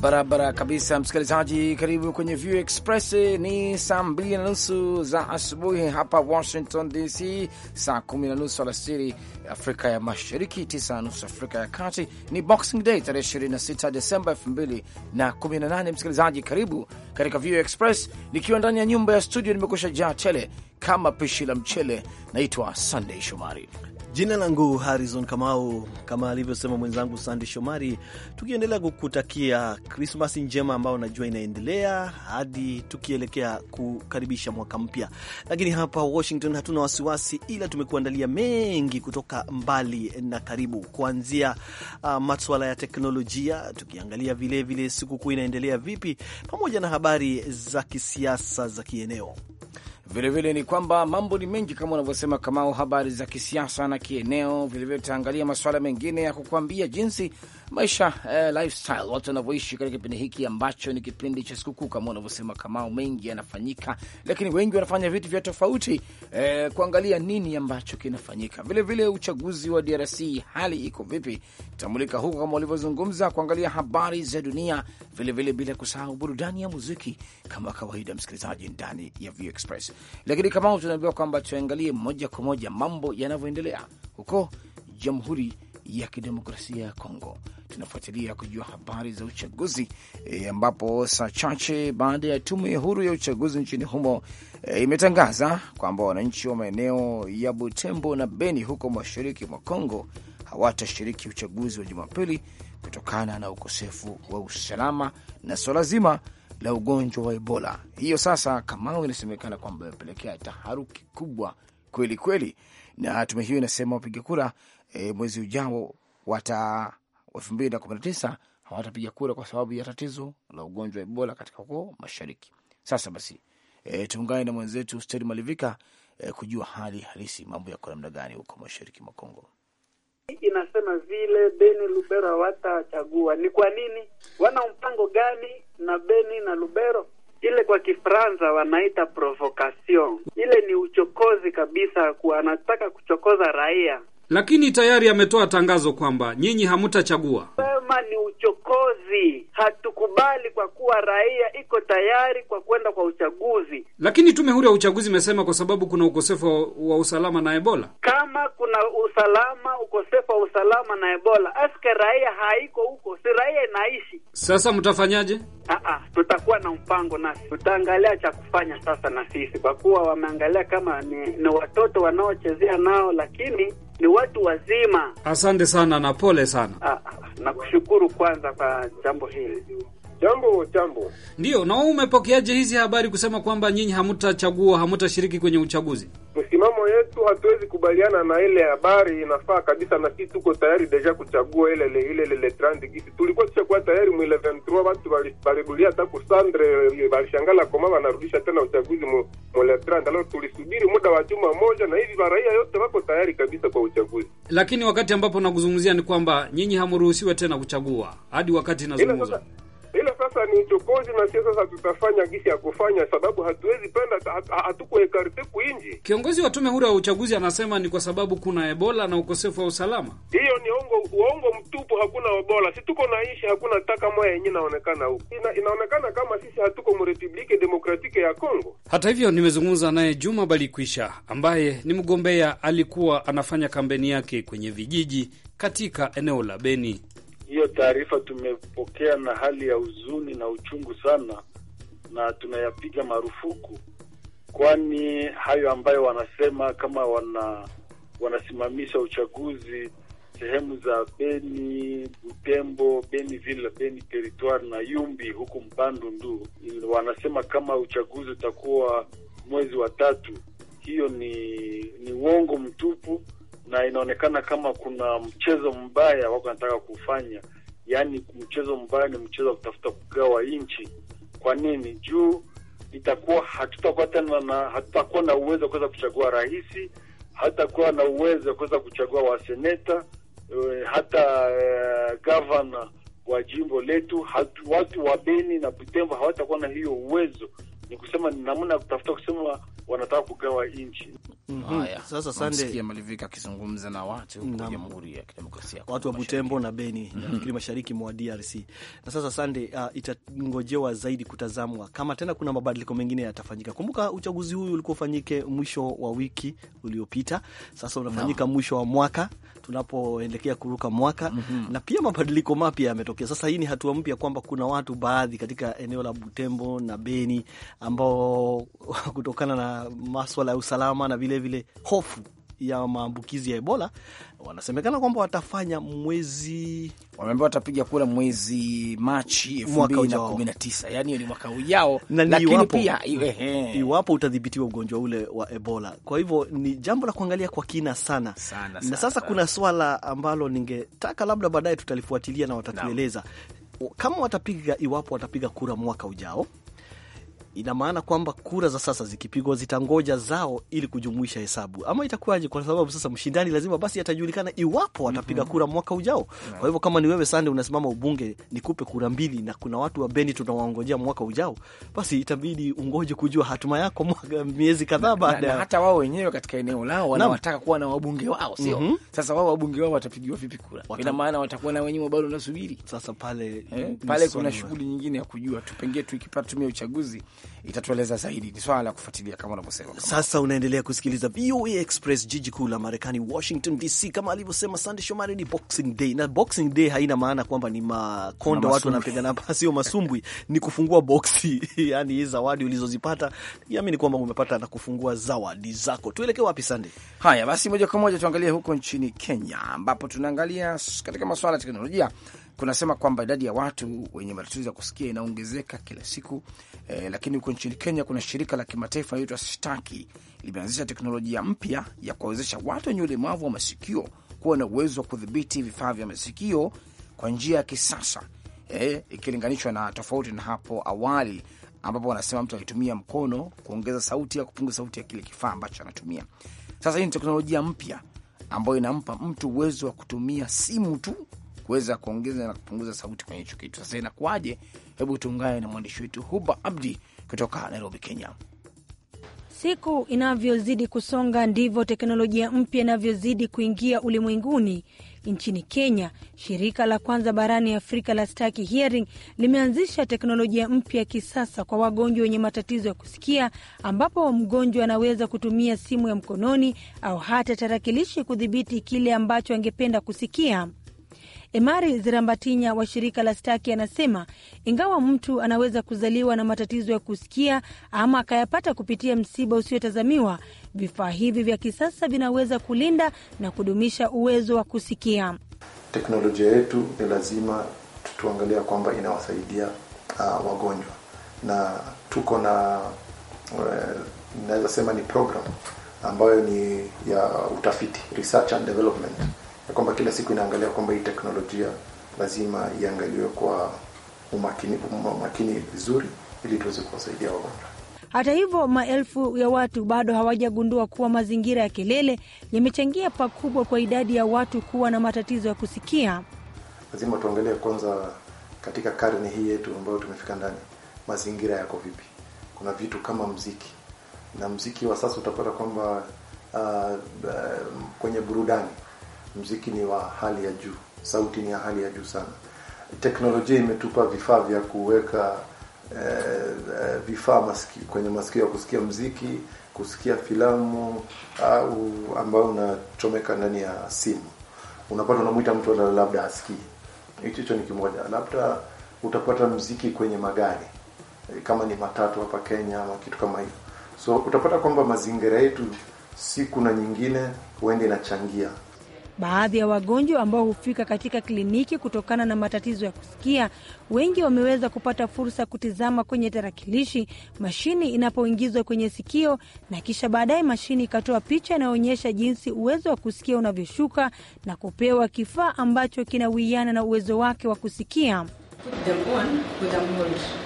barabara kabisa, msikilizaji, karibu kwenye View Express. Ni saa mbili na nusu za asubuhi hapa Washington DC, saa kumi na nusu alasiri Afrika ya Mashariki, tisa na nusu Afrika ya Kati. Ni Boxing Day tarehe 26 Desemba 2018. Msikilizaji, karibu katika View Express, nikiwa ndani ya nyumba ya studio, nimekusha jaa tele kama pishi la mchele. Naitwa Sunday Shomari Jina langu Harrison Kamau, kama alivyosema mwenzangu Sande Shomari, tukiendelea kukutakia Krismasi njema ambayo najua inaendelea hadi tukielekea kukaribisha mwaka mpya. Lakini hapa Washington hatuna wasiwasi, ila tumekuandalia mengi kutoka mbali na karibu, kuanzia uh, maswala ya teknolojia, tukiangalia vilevile sikukuu inaendelea vipi, pamoja na habari za kisiasa za kieneo. Vilevile vile ni kwamba mambo ni mengi kama unavyosema Kamau, habari za kisiasa na kieneo. Vilevile tutaangalia masuala mengine ya kukuambia jinsi maisha eh, lifestyle watu wanavyoishi katika kipindi hiki ambacho ni kipindi cha sikukuu kama unavyosema, kamau mengi yanafanyika, lakini wengi wanafanya vitu vya tofauti eh, kuangalia nini ambacho kinafanyika. Vilevile uchaguzi wa DRC hali iko vipi? Tamulika huko kama ulivyozungumza, kuangalia habari za dunia vilevile vile, bila kusahau burudani ya muziki kama kawaida, msikilizaji, ndani ya View Express. Lakini kama tunaambiwa kwamba tuangalie moja kwa moja mambo yanavyoendelea huko Jamhuri ya kidemokrasia ya Kongo. Tunafuatilia kujua habari za uchaguzi e, ambapo saa chache baada ya tume huru ya uchaguzi nchini humo e, imetangaza kwamba wananchi wa maeneo ya Butembo na Beni huko mashariki mwa Kongo hawatashiriki uchaguzi wa Jumapili kutokana na ukosefu wa usalama na swala zima la ugonjwa wa Ebola. Hiyo sasa, Kamau, inasemekana kwamba imepelekea taharuki kubwa kweli kweli, na tume hiyo inasema wapiga kura e, mwezi ujao wata elfu mbili na kumi na tisa hawatapiga kura kwa sababu ya tatizo la ugonjwa wa Ebola katika huko mashariki. Sasa basi, e, tuungane na mwenzetu Steri Malivika e, kujua hali halisi mambo yako namna gani huko mashariki mwa Kongo. Inasema vile Beni Lubero hawatachagua ni kwa nini? Wana mpango gani na Beni na Lubero? Ile kwa Kifaransa wanaita provocation, ile ni uchokozi kabisa, kuwa anataka kuchokoza raia lakini tayari ametoa tangazo kwamba nyinyi hamutachagua. Sema ni uchokozi, hatukubali kwa kuwa raia iko tayari kwa kwenda kwa uchaguzi. Lakini tume huru ya uchaguzi imesema kwa sababu kuna ukosefu wa usalama na Ebola kuna usalama, ukosefu wa usalama na Ebola. Aske raia haiko huko, si raia inaishi. Sasa mtafanyaje? Aa, ah, ah, tutakuwa na mpango nasi tutaangalia cha kufanya sasa na sisi, kwa kuwa wameangalia kama ni, ni watoto wanaochezea nao, lakini ni watu wazima. Asante sana na pole sana. Ah, nakushukuru kwanza kwa jambo hili. Jambo jambo. Ndio, na wewe umepokeaje hizi habari kusema kwamba nyinyi hamtachagua, hamtashiriki kwenye uchaguzi? Msimamo yetu hatuwezi kubaliana na ile habari, inafaa kabisa, na sisi tuko tayari deja kuchagua ile ile ile ile trend gisi. Tulikuwa tushakuwa tayari mwile 11 watu walirudia hata kusandre walishangala koma wanarudisha tena uchaguzi mwile 30. Leo tulisubiri muda wa juma moja, na hivi raia yote wako tayari kabisa kwa uchaguzi. Lakini wakati ambapo nakuzungumzia ni kwamba nyinyi hamruhusiwe tena kuchagua hadi wakati nazungumza sasa ni uchokozi, na sio sasa tutafanya gisi ya kufanya, sababu hatuwezi penda, hatuko rteku inji. Kiongozi wa tume huru ya uchaguzi anasema ni kwa sababu kuna Ebola na ukosefu wa usalama. Hiyo ni ongo, uongo mtupu. Hakuna Ebola, si tuko naishi, hakuna taka moya yenye inaonekana huku. Ina, inaonekana kama sisi hatuko mrepublike demokratike ya Kongo. Hata hivyo nimezungumza naye Juma Balikwisha ambaye ni mgombea alikuwa anafanya kampeni yake kwenye vijiji katika eneo la Beni. Hiyo taarifa tumepokea na hali ya huzuni na uchungu sana, na tunayapiga marufuku, kwani hayo ambayo wanasema kama wana wanasimamisha uchaguzi sehemu za Beni, Butembo, Beni Villa, Beni Territoire na Yumbi huku Mpandundu, wanasema kama uchaguzi utakuwa mwezi wa tatu. Hiyo ni ni uongo mtupu na inaonekana kama kuna mchezo mbaya wako anataka kufanya. Yaani mchezo mbaya ni mchezo wa kutafuta kugawa nchi. Kwa nini? Juu itakuwa hatutakuwa tena na hatutakuwa na uwezo wa kuweza kuchagua rais, hatutakuwa na uwezo wa kuweza kuchagua waseneta eh, hata e, eh, gavana wa jimbo letu hatu, watu wa Beni na Butembo hawatakuwa na hiyo uwezo ni kusema ni namna ya kutafuta kusema wanataka kugawa nchi. Mm -hmm. Haya, sasa Sande malivika akizungumza na watu huko Jamhuri ya Kidemokrasia watu wa Butembo na Beni mm -hmm. nafikiri mashariki mwa DRC. Na sasa Sande, uh, itangojewa zaidi kutazamwa kama tena kuna mabadiliko mengine yatafanyika. Kumbuka uchaguzi huyu ulikuwa ufanyike mwisho wa wiki uliopita, sasa unafanyika no. mwisho wa mwaka tunapoelekea kuruka mwaka mm -hmm. na pia mabadiliko mapya yametokea. Sasa hii ni hatua mpya kwamba kuna watu baadhi katika eneo la Butembo na Beni ambao kutokana na maswala ya usalama na vilevile hofu ya maambukizi ya Ebola wanasemekana kwamba watafanya mwezi, wameambia watapiga kura mwezi Machi 2019 yani ni mwaka ujao, lakini iwapo, pia iwapo utadhibitiwa ugonjwa ule wa Ebola. Kwa hivyo ni jambo la kuangalia kwa kina sana, sana, sana na sasa Kuna swala ambalo ningetaka labda baadaye tutalifuatilia na watatueleza Kama watapiga iwapo watapiga kura mwaka ujao ina maana kwamba kura za sasa zikipigwa zitangoja zao ili kujumuisha hesabu, ama itakuwaje? Kwa sababu sasa mshindani lazima basi atajulikana iwapo atapiga mhm. kura mwaka ujao. Kwa hivyo kama ni wewe Sande unasimama ubunge, nikupe kura mbili, na kuna watu wa Beni tunawaongojea mwaka ujao, basi itabidi ungoje kujua hatima yako mwaka miezi kadhaa baada ya hata wao wenyewe katika eneo lao wanawataka kuwa na wabunge wao, sio? mm -hmm. Sasa wao wabunge wao watapigiwa vipi kura? Ina maana watakuwa na wenyewe bado nasubiri sasa pale, eh, pale kuna shughuli nyingine ya kujua tu, pengine tukipata tumia uchaguzi itatueleza zaidi. Ni swala la kufuatilia kama unavyosema. Sasa unaendelea kusikiliza VOA Express, jiji kuu la Marekani, Washington DC. Kama alivyosema Sande Shomari, ni Boxing Day na Boxing Day haina maana kwamba ni makondo watu wanapigana hapa, sio masumbwi ni kufungua boksi yani zawadi ulizozipata, iamini kwamba umepata na kufungua zawadi zako. Tuelekee wapi Sande? Haya basi, moja kwa moja tuangalie huko nchini Kenya, ambapo tunaangalia katika masuala ya teknolojia kunasema kwamba idadi ya watu wenye matatizo ya kusikia inaongezeka kila siku eh, lakini huko nchini Kenya kuna shirika la kimataifa linaloitwa Shtaki limeanzisha teknolojia mpya ya kuwawezesha watu wenye ulemavu wa masikio kuwa na uwezo wa kudhibiti vifaa vya masikio kwa njia ya kisasa eh, ikilinganishwa na tofauti na hapo awali ambapo wanasema mtu alitumia mkono kuongeza sauti ya kupunguza sauti ya kile kifaa ambacho anatumia. Sasa hii ni teknolojia mpya ambayo inampa mtu uwezo wa kutumia simu tu kuweza kuongeza na kupunguza sauti kwenye hicho kitu. Sasa inakuwaje? Hebu tuungane na mwandishi wetu Huba Abdi kutoka Nairobi, Kenya. Siku inavyozidi kusonga ndivyo teknolojia mpya inavyozidi kuingia ulimwenguni. Nchini Kenya, shirika la kwanza barani Afrika la Staki Hearing limeanzisha teknolojia mpya ya kisasa kwa wagonjwa wenye matatizo ya kusikia, ambapo mgonjwa anaweza kutumia simu ya mkononi au hata tarakilishi kudhibiti kile ambacho angependa kusikia. Emari Zirambatinya wa shirika la Staki anasema ingawa mtu anaweza kuzaliwa na matatizo ya kusikia ama akayapata kupitia msiba usiotazamiwa, vifaa hivi vya kisasa vinaweza kulinda na kudumisha uwezo wa kusikia. Teknolojia yetu ni lazima tuangalia kwamba inawasaidia uh, wagonjwa na tuko na uh, naweza sema ni program ambayo ni ya utafiti research and development na kwamba kila siku inaangalia kwamba hii teknolojia lazima iangaliwe kwa umakini, umakini vizuri ili tuweze kuwasaidia wagonjwa. Hata hivyo, maelfu ya watu bado hawajagundua kuwa mazingira ya kelele yamechangia pakubwa kwa idadi ya watu kuwa na matatizo ya kusikia. Lazima tuangalie kwanza, katika karne hii yetu ambayo tumefika ndani, mazingira yako vipi? Kuna vitu kama mziki na mziki wa sasa utapata kwamba uh, uh, kwenye burudani mziki ni wa hali ya juu, sauti ni ya hali ya juu sana. Teknolojia imetupa vifaa vya kuweka eh, eh vifaa masiki, kwenye masikio ya kusikia mziki, kusikia filamu au ambayo unachomeka ndani ya simu, unapata unamwita mtu labda asikii. Hicho hicho ni kimoja, labda utapata mziki kwenye magari kama ni matatu hapa Kenya ama kitu kama hivyo. So utapata kwamba mazingira yetu siku na nyingine huenda inachangia Baadhi ya wagonjwa ambao hufika katika kliniki kutokana na matatizo ya kusikia, wengi wameweza kupata fursa ya kutizama kwenye tarakilishi mashini inapoingizwa kwenye sikio, na kisha baadaye mashini ikatoa picha inayoonyesha jinsi uwezo wa kusikia unavyoshuka na kupewa kifaa ambacho kinawiana na uwezo wake wa kusikia.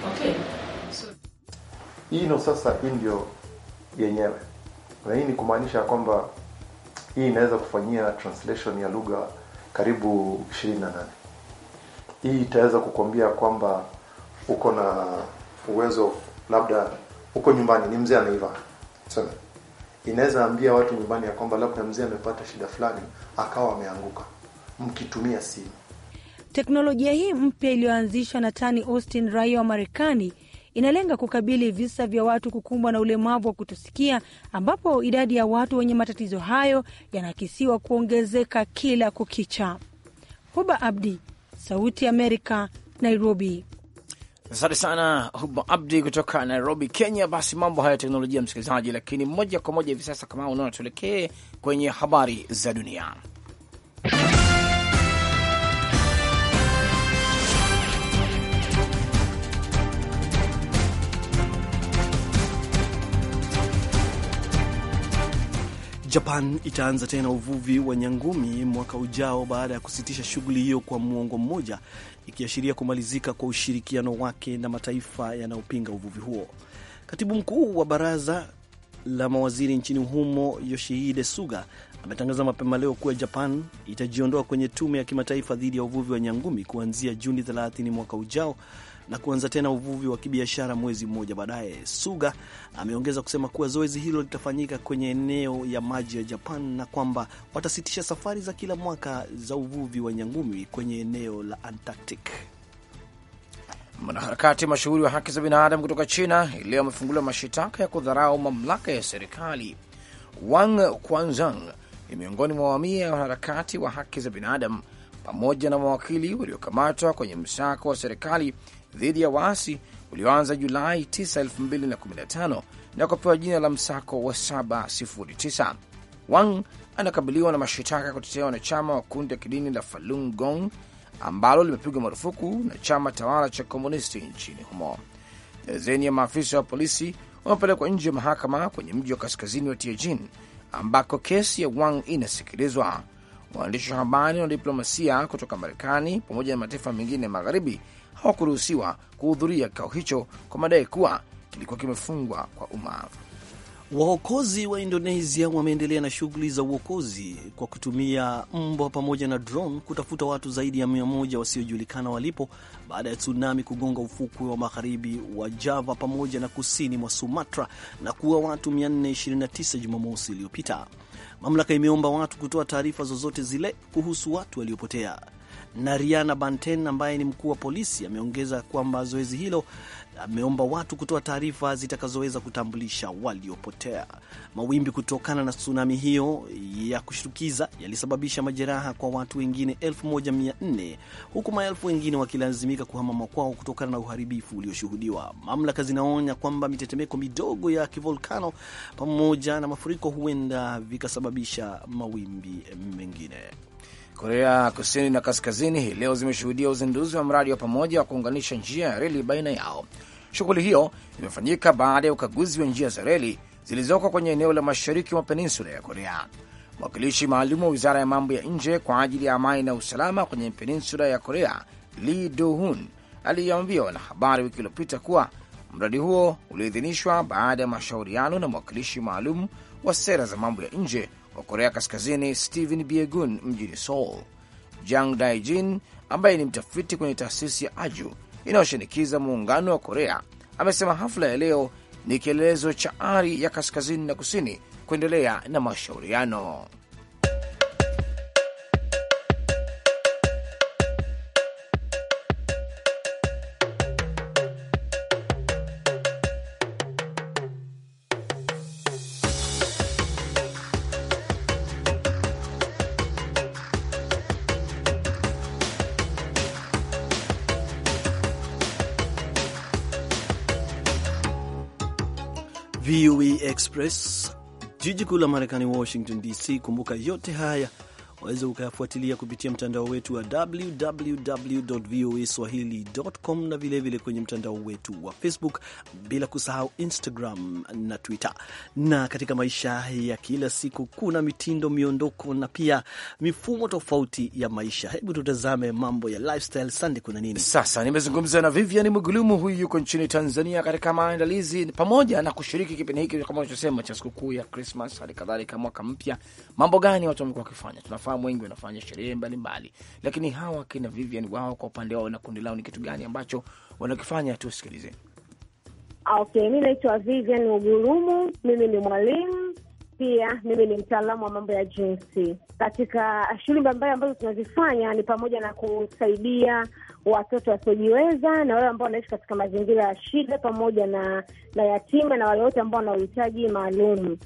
Okay. So... sasa hii ndio yenyewe, na hii ni kumaanisha kwamba hii inaweza kufanyia translation ya lugha karibu 28 hii itaweza kukwambia kwamba uko na uwezo labda uko nyumbani ni mzee anaiva sema inaweza ambia watu nyumbani ya kwamba labda mzee amepata shida fulani akawa ameanguka mkitumia simu teknolojia hii mpya iliyoanzishwa na Tani Austin raia wa Marekani inalenga kukabili visa vya watu kukumbwa na ulemavu wa kutosikia, ambapo idadi ya watu wenye matatizo hayo yanakisiwa kuongezeka kila kukicha. Huba Abdi, Sauti ya Amerika, Nairobi. Asante sana Huba Abdi kutoka Nairobi, Kenya. Basi mambo haya ya teknolojia, msikilizaji, lakini moja kwa moja hivi sasa, kama unaona, tuelekee kwenye habari za dunia. Japan itaanza tena uvuvi wa nyangumi mwaka ujao baada ya kusitisha shughuli hiyo kwa muongo mmoja, ikiashiria kumalizika kwa ushirikiano wake na mataifa yanayopinga uvuvi huo. Katibu mkuu wa baraza la mawaziri nchini humo Yoshihide Suga ametangaza mapema leo kuwa Japan itajiondoa kwenye tume ya kimataifa dhidi ya uvuvi wa nyangumi kuanzia Juni 30 mwaka ujao, na kuanza tena uvuvi wa kibiashara mwezi mmoja baadaye. Suga ameongeza kusema kuwa zoezi hilo litafanyika kwenye eneo ya maji ya Japan na kwamba watasitisha safari za kila mwaka za uvuvi wa nyangumi kwenye eneo la Antarctic. Mwanaharakati mashuhuri wa haki za binadamu kutoka China leo amefunguliwa mashitaka ya kudharau mamlaka ya serikali. Wang Quanzang ni miongoni mwa wamia ya wanaharakati wa haki za binadamu pamoja na mawakili waliokamatwa kwenye msako wa serikali dhidi ya waasi ulioanza Julai 9, 2015 na kupewa jina la msako wa 709. Wang anakabiliwa na mashitaka ya kutetea wanachama wa kundi ya kidini la Falun Gong ambalo limepigwa marufuku na chama tawala cha komunisti nchini humo. Dazeni ya maafisa wa polisi wamepelekwa nje ya mahakama kwenye mji wa kaskazini wa Tianjin ambako kesi ya Wang inasikilizwa waandishi wa habari na diplomasia kutoka Marekani pamoja na mataifa mengine magharibi hawakuruhusiwa kuhudhuria kikao hicho kwa madai kuwa kilikuwa kimefungwa kwa umma. Waokozi wa Indonesia wameendelea na shughuli za uokozi kwa kutumia mbwa pamoja na drone kutafuta watu zaidi ya mia moja wasiojulikana walipo baada ya tsunami kugonga ufukwe wa magharibi wa Java pamoja na kusini mwa Sumatra na kuua watu 429 Jumamosi iliyopita. Mamlaka imeomba watu kutoa taarifa zozote zile kuhusu watu waliopotea. Nariana Banten ambaye ni mkuu wa polisi ameongeza kwamba zoezi hilo ameomba watu kutoa taarifa zitakazoweza kutambulisha waliopotea. Mawimbi kutokana na tsunami hiyo ya kushtukiza yalisababisha majeraha kwa watu wengine 1400 huku maelfu wengine wakilazimika kuhama makwao kutokana na uharibifu ulioshuhudiwa. Mamlaka zinaonya kwamba mitetemeko midogo ya kivolkano pamoja na mafuriko huenda vikasababisha mawimbi mengine. Korea Kusini na Kaskazini hii leo zimeshuhudia uzinduzi wa mradi wa pamoja wa kuunganisha njia ya reli baina yao. Shughuli hiyo imefanyika baada ya ukaguzi wa njia za reli zilizoko kwenye eneo la mashariki mwa peninsula ya Korea. Mwakilishi maalum wa wizara ya mambo ya nje kwa ajili ya amani na usalama kwenye peninsula ya Korea, Lee dohun aliyeambia wanahabari wiki iliyopita kuwa mradi huo uliidhinishwa baada ya mashauriano na mwakilishi maalum wa sera za mambo ya nje wa Korea Kaskazini Stephen Biegun mjini Seoul. Jang Daijin ambaye ni mtafiti kwenye taasisi ya Aju inayoshinikiza muungano wa Korea amesema hafla ya leo ni kielelezo cha ari ya kaskazini na kusini kuendelea na mashauriano. VOA Express, jiji kuu la Marekani, Washington DC. Kumbuka yote haya waweza ukayafuatilia kupitia mtandao wetu wa www voa swahili.com na vilevile vile kwenye mtandao wetu wa Facebook, bila kusahau Instagram na Twitter. Na katika maisha ya kila siku kuna mitindo, miondoko na pia mifumo tofauti ya maisha. Hebu tutazame mambo ya lifestyle. Sande, kuna nini sasa? Nimezungumza na Vivian Mgulumu, huyu yuko nchini Tanzania katika maandalizi pamoja na kushiriki kipindi hiki kama unachosema cha sikukuu ya Krismas, hali kadhalika mwaka mpya. Mambo gani watu wamekuwa wakifanya? tunafahamu wataalamu wengi wanafanya sherehe mbalimbali, lakini hawa kina Vivian wao kwa upande wao na kundi lao ni kitu gani ambacho wanakifanya? Tusikilize. Okay, mi naitwa Vivian Ugurumu, mimi ni mwalimu pia mimi ni mtaalamu wa mambo ya jinsi. Katika shughuli mbalimbali ambazo tunazifanya ni pamoja na kusaidia watoto wasiojiweza na wale ambao wanaishi katika mazingira ya shida, pamoja na na yatima na wale wote ambao wana uhitaji maalum.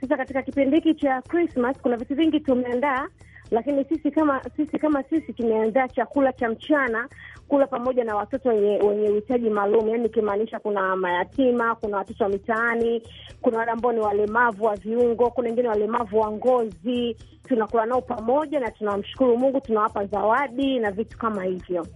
Sasa katika kipindi hiki cha Christmas kuna vitu vingi tumeandaa lakini sisi kama sisi kama sisi tumeandaa chakula cha mchana kula pamoja na watoto wenye uhitaji maalum, yani ikimaanisha kuna mayatima, kuna watoto wa mitaani, kuna wale ambao ni walemavu wa viungo, kuna wengine walemavu wa ngozi. Tunakula nao pamoja na tunamshukuru Mungu, tunawapa zawadi na vitu kama hivyo.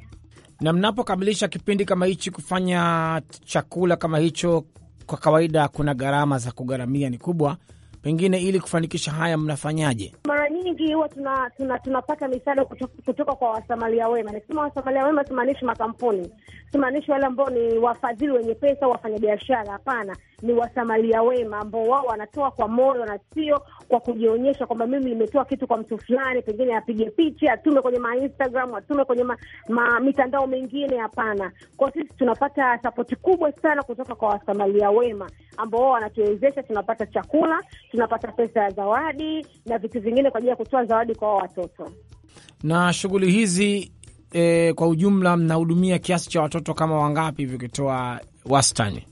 Na mnapokamilisha kipindi kama hichi, kufanya chakula kama hicho, kwa kawaida kuna gharama za kugharamia, ni kubwa Pengine ili kufanikisha haya mnafanyaje? Mara nyingi huwa tunapata tuna, tuna misaada kutoka, kutoka kwa wasamalia wema. Nikisema wasamalia wema, simaanishi makampuni, simaanishi wale ambao ni wafadhili wenye pesa au wafanyabiashara, hapana ni wasamalia wema ambao wao wanatoa kwa moyo na sio kwa kujionyesha kwamba mimi nimetoa kitu kwa mtu fulani, pengine apige picha atume kwenye ma Instagram, atume kwenye ma, ma mitandao mingine. Hapana, kwa sisi tunapata sapoti kubwa sana kutoka kwa wasamalia wema ambao wao wanatuwezesha, tunapata chakula, tunapata pesa ya zawadi na vitu vingine kwa ajili ya kutoa zawadi kwa wao watoto na shughuli hizi e, kwa ujumla mnahudumia kiasi cha watoto kama wangapi hivi ukitoa wastani?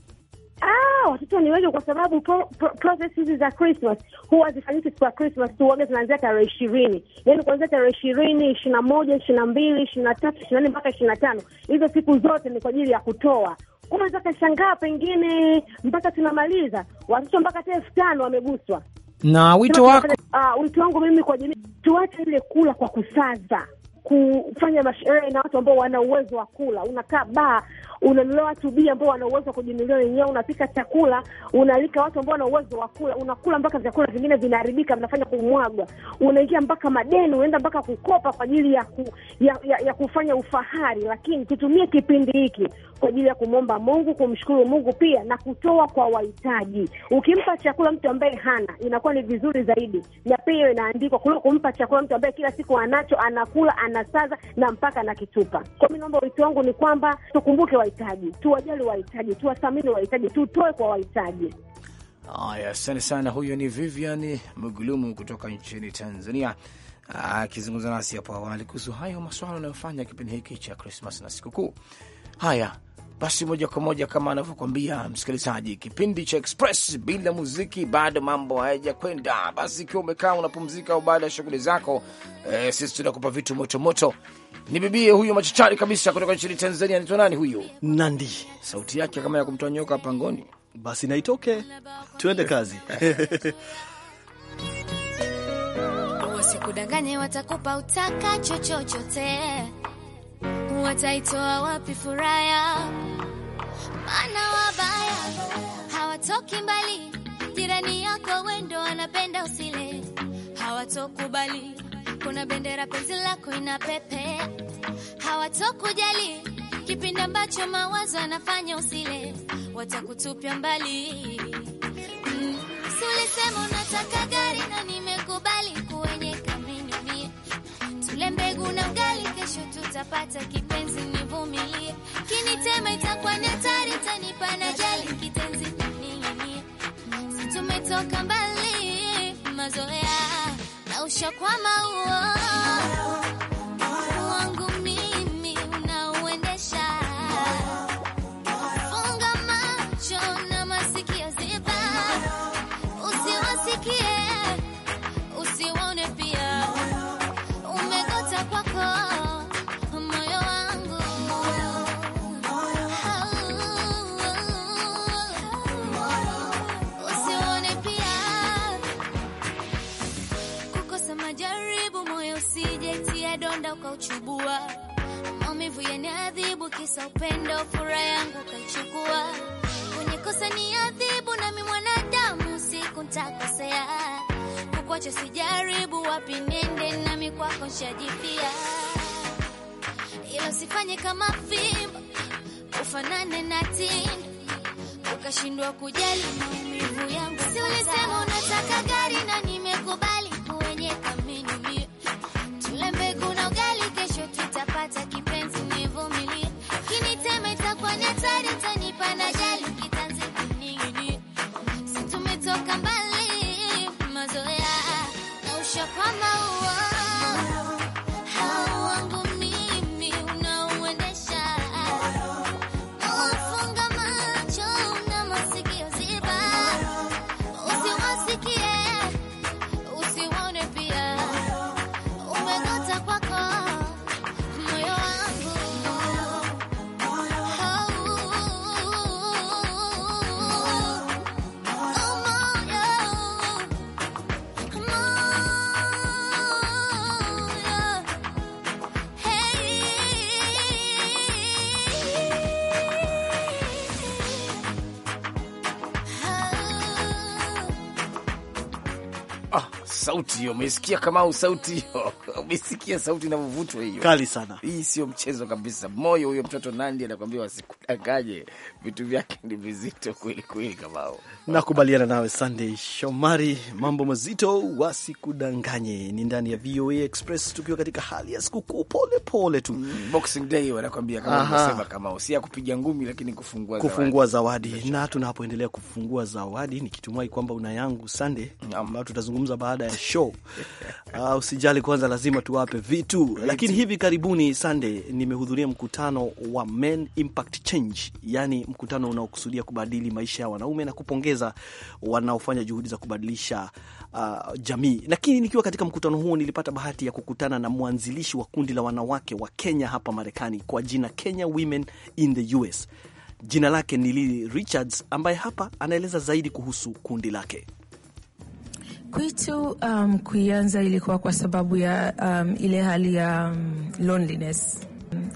watoto ni wengi, kwa sababu pro, pro, process hizi za Christmas huwa zifanyike siku ya Christmas tu, waga zinaanzia tarehe ishirini, yaani kuanzia tarehe ishirini, ishirini na moja, ishirini na mbili, ishirini na tatu, ishirini na nne mpaka ishirini na tano. Hizo siku zote ni kwa ajili ya kutoa Unaweza kashangaa pengine mpaka tunamaliza watoto mpaka hata elfu tano wameguswa na wito wako. Uh, wito wangu mimi kwa jamii, tuache ile kula kwa kusaza, kufanya masherehe na watu ambao wana uwezo wa kula. Unakaa baa, unanunua watu bia ambao wana uwezo wa kujinunulia wenyewe, unapika chakula, unaalika watu ambao wana uwezo wa kula, unakula mpaka vyakula vingine vinaharibika, vinafanya kumwagwa, unaingia mpaka madeni, unaenda mpaka kukopa kwa ajili ya, ku, ya, ya, ya kufanya ufahari. Lakini tutumie kipindi hiki kwa ajili ya kumwomba Mungu, kumshukuru Mungu pia na kutoa kwa wahitaji. Ukimpa chakula mtu ambaye hana, inakuwa ni vizuri zaidi, na pia hiyo inaandikwa kuliko kumpa chakula mtu ambaye kila siku anacho, anakula, anasaza na mpaka anakitupa. Kwa mimi naomba wito wangu ni kwamba tukumbuke wahitaji, tuwajali wahitaji, tuwathamini wahitaji, tutoe kwa wahitaji. Haya, asante sana. Huyo ni Vivian Mgulumu kutoka nchini Tanzania akizungumza nasi hapo awali kuhusu hayo maswala anayofanya kipindi hiki cha Krismas na sikukuu. Haya, basi moja kwa moja kama anavyokwambia msikilizaji, kipindi cha Express bila muziki bado mambo kwenda Basi ikiwa umekaa unapumzika au baada ya shughuli zako e, sisi tunakupa vitu motomoto. Ni bibie huyu machachari kabisa kutoka nchini Tanzania, anaitwa nani huyu? Nandi, sauti yake kama ya kumtoa nyoka pangoni. Basi naitoke, tuende kazi watakupa utaka chochochote wataitoa wapi furaya? Maana wabaya hawatoki mbali, jirani yako wendo wanapenda usile, hawatokubali. Kuna bendera penzi lako inapepea, hawatokujali. Kipindi ambacho mawazo yanafanya usile, watakutupia mbali. Mm, si unataka gari na nimekubali kesho tutapata kipenzi, nivumilie. Kinitema itakuwa ni hatari, tanipa na jali kitenzi, ning'inie. Si tumetoka mbali, mazoea na ushakwama huo upendo furaha yangu kaichukua, kunikosa ni adhibu, nami mwanadamu siku ntakosea, kukwacha sijaribu, wapi nende, nami kwako nshajipia, Ila sifanye kama fimba, ufanane na tindo, ukashindwa kujali maumivu yangu, si ulisema unataka sauti hiyo, umesikia Kamau, sauti hiyo Umesikia sauti inavyovutwa hiyo, kali sana. Hii sio mchezo kabisa. Moyo huyo mtoto Nandi anakwambia wasikudangaje, vitu vyake ni vizito kweli kweli. Kamao, nakubaliana nawe Sunday Shomari, mambo mazito, wasikudanganye. Ni ndani ya VOA Express tukiwa katika hali ya sikukuu, pole pole tu. Mm, Boxing Day wanakwambia kama unasema, kama si ya kupiga ngumi, lakini kufungua kufungua zawadi, zawadi. Na tunapoendelea kufungua zawadi, nikitumai kwamba una yangu Sunday ambayo tutazungumza baada ya show. Uh, usijali kwanza lazima lazima tuwape vitu, vitu. Lakini hivi karibuni sande nimehudhuria mkutano wa Men Impact Change, yani mkutano unaokusudia kubadili maisha ya wanaume na kupongeza wanaofanya juhudi za kubadilisha uh, jamii. Lakini nikiwa katika mkutano huo nilipata bahati ya kukutana na mwanzilishi wa kundi la wanawake wa Kenya hapa Marekani kwa jina Kenya Women in the US. Jina lake ni Lili Richards ambaye hapa anaeleza zaidi kuhusu kundi lake. Kwetu um, kuianza ilikuwa kwa sababu ya um, ile hali ya um, loneliness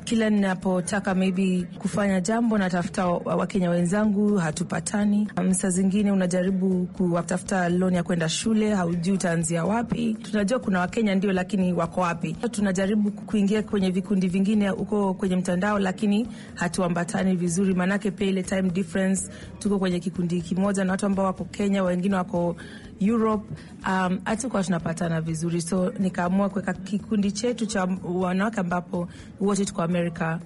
kila ninapotaka maybe kufanya jambo natafuta Wakenya wenzangu, hatupatani. Um, saa zingine unajaribu kuwatafuta loni ya kwenda shule, haujui utaanzia wapi. Tunajua kuna Wakenya ndio, lakini wako wapi? Tunajaribu kuingia kwenye vikundi vingine huko kwenye mtandao, lakini hatuambatani vizuri, maanake pia ile time difference. Tuko kwenye kikundi kimoja na watu ambao wako Kenya, wengine wako Europe, um, hatukuwa tunapatana vizuri, so nikaamua kuweka kikundi chetu cha wanawake ambapo wote tuko Amerika.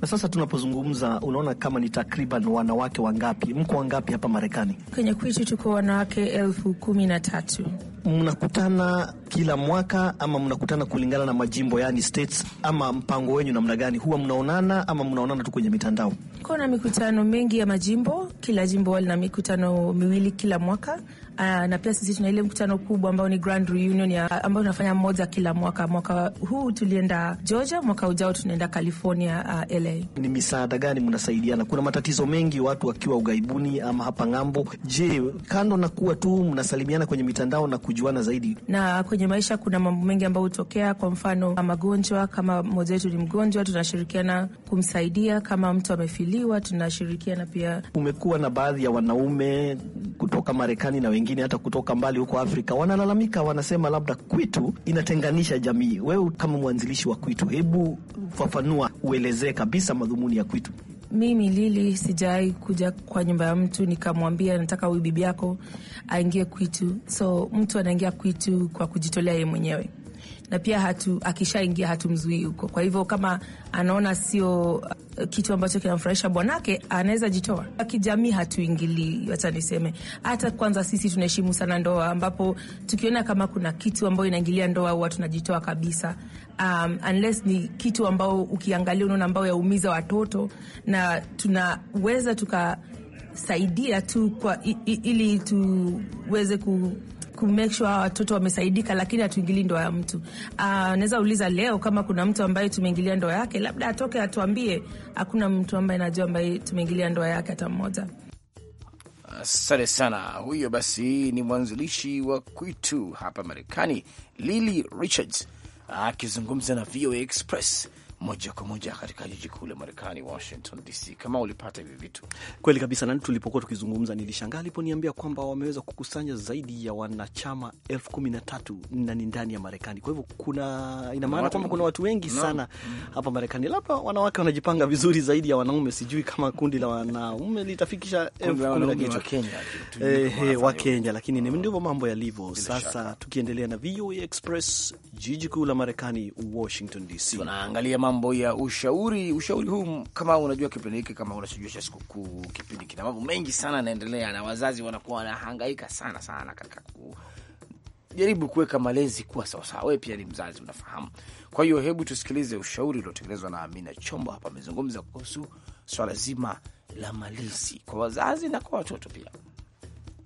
Na sasa tunapozungumza, unaona kama ni takriban wanawake wangapi, mko wangapi hapa Marekani? Kwenye kwetu tuko wanawake elfu kumi na tatu. Mnakutana kila mwaka ama mnakutana kulingana na majimbo, yani states, ama mpango wenyu namna gani? Huwa mnaonana ama mnaonana tu kwenye mitandao? Kuna mikutano mengi ya majimbo, kila jimbo lina mikutano miwili kila mwaka Uh, na pia sisi tuna ile mkutano kubwa ambao ni grand reunion ya, ambao tunafanya mmoja kila mwaka. Mwaka huu tulienda Georgia, mwaka ujao tunaenda California, uh, ah, LA. Ni misaada gani mnasaidiana? Kuna matatizo mengi watu wakiwa ughaibuni ama hapa ng'ambo. Je, kando na kuwa tu mnasalimiana kwenye mitandao na kujuana zaidi, na kwenye maisha kuna mambo mengi ambayo hutokea, kwa mfano magonjwa. Kama mmoja wetu ni mgonjwa, tunashirikiana kumsaidia. Kama mtu amefiliwa, tunashirikiana pia. Umekuwa na baadhi ya wanaume kutoka Marekani na wengine wengine hata kutoka mbali huko Afrika wanalalamika, wanasema labda kwitu inatenganisha jamii. Wewe kama mwanzilishi wa kwitu, hebu fafanua, uelezee kabisa madhumuni ya kwitu. Mimi Lili sijawahi kuja kwa nyumba ya mtu nikamwambia nataka huyu bibi yako aingie kwitu. So mtu anaingia kwitu kwa kujitolea yeye mwenyewe, na pia hatu akishaingia hatumzuii huko. Kwa hivyo kama anaona sio kitu ambacho kinamfurahisha bwanake, anaweza jitoa. Kijamii hatuingilii, wacha niseme hata kwanza, sisi tunaheshimu sana ndoa, ambapo tukiona kama kuna kitu ambayo inaingilia ndoa huwa tunajitoa kabisa. Um, unless ni kitu ambao ukiangalia unaona ambao yaumiza watoto na tunaweza tukasaidia tu kwa ili tuweze ku ku make sure watoto wamesaidika, lakini hatuingilii ndoa ya mtu. Ah, naweza uliza leo kama kuna mtu ambaye tumeingilia ndoa yake, labda atoke atuambie. Hakuna mtu ambaye najua ambaye tumeingilia ndoa yake hata mmoja. Asante sana. Huyo basi ni mwanzilishi wa Kwitu hapa Marekani, Lily Richards akizungumza na VOA Express moja kwa moja katika jiji kuu la Marekani, Washington DC. Kama ulipata hivi vitu kweli kabisa, na tulipokuwa tukizungumza nilishangaa aliponiambia kwamba wameweza kukusanya zaidi ya wanachama elfu kumi na tatu na ni ndani ya Marekani. Kwa hivyo kuna ina maana kwamba kuna watu wengi no. sana mm. hapa Marekani, labda wanawake wanajipanga vizuri zaidi ya wanaume. Sijui kama kundi la wanaume litafikisha elfu kumi na kitu wa Kenya, eh, eh, lakini ni mm. ndivyo mambo yalivyo sasa. Tukiendelea na VOA e Express, jiji kuu la Marekani, Washington DC, tunaangalia mambo ya ushauri. Ushauri huu kama unajua, kipindi hiki kama unasujua cha sikukuu, kipindi kina mambo mengi sana yanaendelea, na wazazi wanakuwa wanahangaika sana sana katika kujaribu kuweka malezi kuwa sawasawa. Wewe pia ni mzazi, unafahamu. Kwa hiyo hebu tusikilize ushauri uliotengenezwa na Amina Chombo. Hapa amezungumza kuhusu swala zima la malezi kwa wazazi na kwa watoto pia.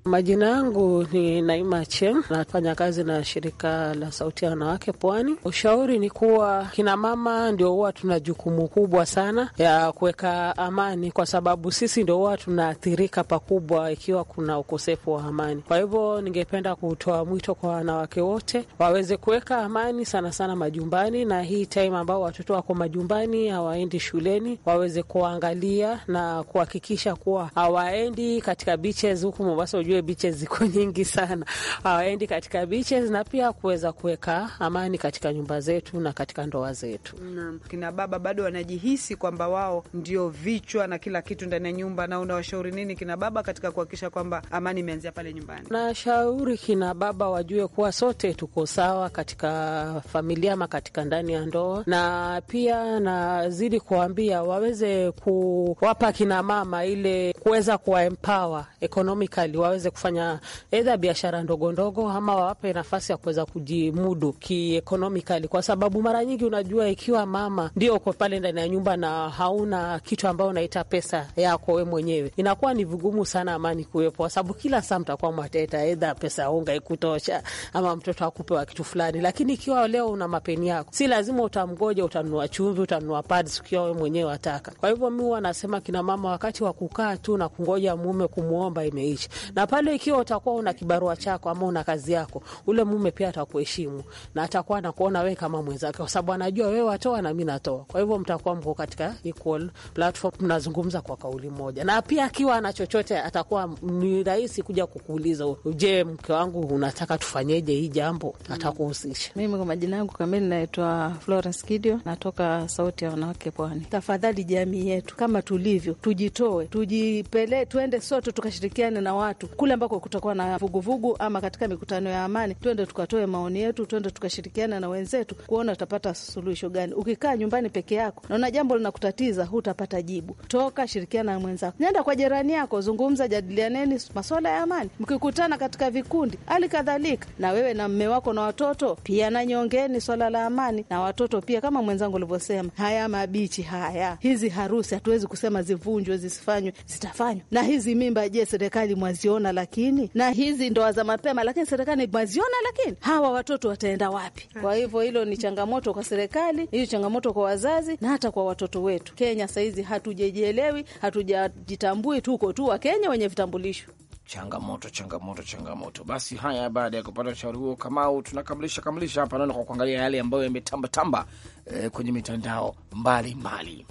Majina yangu ni Naima Chem, nafanya kazi na shirika la Sauti ya Wanawake Pwani. Ushauri ni kuwa kinamama ndio huwa tuna jukumu kubwa sana ya kuweka amani, kwa sababu sisi ndio huwa tunaathirika pakubwa ikiwa kuna ukosefu wa amani. Kwa hivyo, ningependa kutoa mwito kwa wanawake wote waweze kuweka amani sana sana majumbani, na hii time ambao watoto wako majumbani hawaendi shuleni, waweze kuwaangalia na kuhakikisha kuwa hawaendi katika beaches huku Mombasa vile beaches ziko nyingi sana, hawaendi katika biche na pia kuweza kuweka amani katika nyumba zetu na katika ndoa zetu. Naam, kina baba bado wanajihisi kwamba wao ndio vichwa na kila kitu ndani ya nyumba. Na unawashauri nini kina baba katika kuhakikisha kwamba amani imeanzia pale nyumbani? Nashauri kina baba wajue kuwa sote tuko sawa katika familia ama katika ndani ya ndoa, na pia nazidi kuwambia waweze kuwapa kina mama ile kuweza kuwaempower economically waweze waweze kufanya edha biashara ndogo ndogo, ama wawape nafasi ya kuweza kujimudu kiekonomikali, kwa sababu mara nyingi unajua, ikiwa mama ndio uko pale ndani ya nyumba na hauna kitu ambayo unaita pesa yako we mwenyewe, inakuwa ni vigumu sana amani kuwepo, kwa sababu kila saa mtakuwa mwateta edha pesa ya unga ikutosha, ama mtoto akupewa kitu fulani. Lakini ikiwa leo una mapeni yako, si lazima utamgoja, utanunua chumvi, utanunua pads ukiwa we mwenyewe wataka. Kwa hivyo mi huwa nasema kinamama, wakati wa kukaa tu na kungoja mume kumwomba imeisha na pale. Ikiwa utakuwa una kibarua chako ama una kazi yako, ule mume pia atakuheshimu na atakuwa anakuona wewe kama mwenzake, kwa sababu anajua wewe watoa na mi natoa. Kwa hivyo mtakuwa mko katika equal platform, mnazungumza kwa kauli moja, na pia akiwa ana chochote atakuwa ni rahisi kuja kukuuliza, je, mke wangu unataka tufanyeje hii jambo? Atakuhusisha. Mimi kwa majina yangu kamili naitwa Florence Kidio, natoka Sauti ya Wanawake Pwani. Tafadhali jamii yetu kama tulivyo, tujitoe, tujipele, tuende sote tukashirikiane na watu kule ambako kutakuwa na vuguvugu ama katika mikutano ya amani, twende tukatoe maoni yetu, twende tukashirikiana na wenzetu kuona utapata suluhisho gani. Ukikaa nyumbani peke yako, naona jambo linakutatiza, hutapata jibu. Toka, shirikiana na mwenzako, nenda kwa jirani yako, zungumza, jadilianeni masuala ya amani. Mkikutana katika vikundi, hali kadhalika na wewe na mme wako na watoto pia, nanyongeni swala la amani na watoto pia, kama mwenzangu ulivyosema, haya mabichi haya, hizi harusi hatuwezi kusema zivunjwe, zisifanywe, zitafanywa. Na hizi mimba, je, serikali mwaziona? lakini na hizi ndoa za mapema, lakini serikali maziona, lakini hawa watoto wataenda wapi? Kwa hivyo hilo ni changamoto kwa serikali, hiyo changamoto kwa wazazi na hata kwa watoto wetu. Kenya sahizi hatujajielewi, hatujajitambui, tuko tu Wakenya wenye vitambulisho. Changamoto, changamoto, changamoto. Basi haya, baada ya kupata ushauri huo, Kamau, tunakamilisha kamilisha hapa naona kwa kuangalia yale ambayo yametambatamba eh, kwenye mitandao mbalimbali.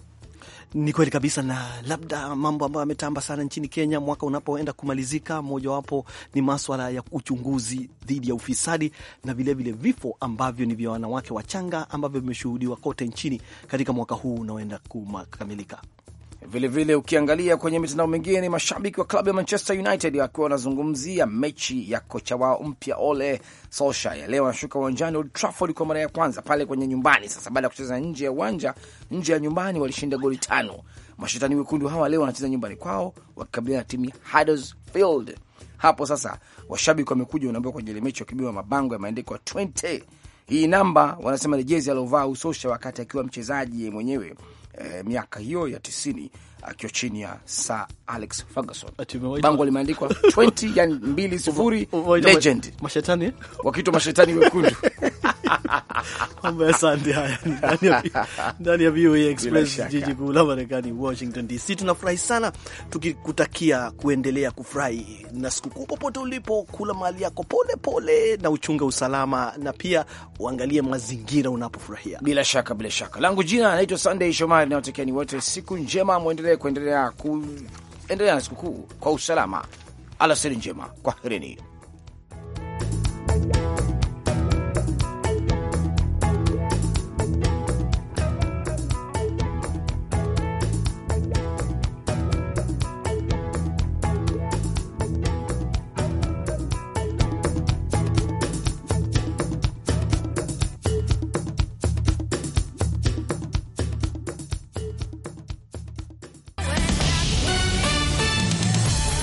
Ni kweli kabisa, na labda mambo ambayo yametamba sana nchini Kenya mwaka unapoenda kumalizika, mojawapo ni maswala ya uchunguzi dhidi ya ufisadi na vilevile vifo ambavyo ni vya wanawake wachanga ambavyo vimeshuhudiwa kote nchini katika mwaka huu unaoenda kukamilika. Vilevile ukiangalia kwenye mitandao mingine, mashabiki wa klabu ya Manchester United wakiwa wanazungumzia mechi ya kocha wao mpya Ole Solskjaer ya leo, anashuka uwanjani Old Trafford kwa mara ya kwanza pale kwenye nyumbani. Sasa baada ya kucheza nje ya uwanja, nje ya nyumbani, walishinda goli tano. Mashetani wekundu hawa leo wanacheza nyumbani kwao wakikabiliana na timu ya Huddersfield. Hapo sasa washabiki wamekuja, unaambiwa kwenye ile mechi wakibiwa mabango yameandikwa 20 hii namba wanasema ni jezi aliovaa Usosha wakati akiwa mchezaji mwenyewe eh, miaka hiyo ya tisini akiwa chini ya Sir Alex Ferguson. Bango limeandikwa 20 yani mbili sufuri legend, mashetani wakitwa mashetani wekundu Mambo ya Sunday haya ndani ya VOA Express, jiji kuu la Marekani, Washington DC. Tunafurahi sana tukikutakia kuendelea kufurahi na sikukuu popote ulipo, kula mali yako pole pole na uchunge usalama, na pia uangalie mazingira unapofurahia. Bila shaka, bila shaka, langu jina naitwa sandey Shomari, ni wote siku njema, mwendelee kuendelea kuendelea na sikukuu kwa usalama. Alasiri njema, kwaherini.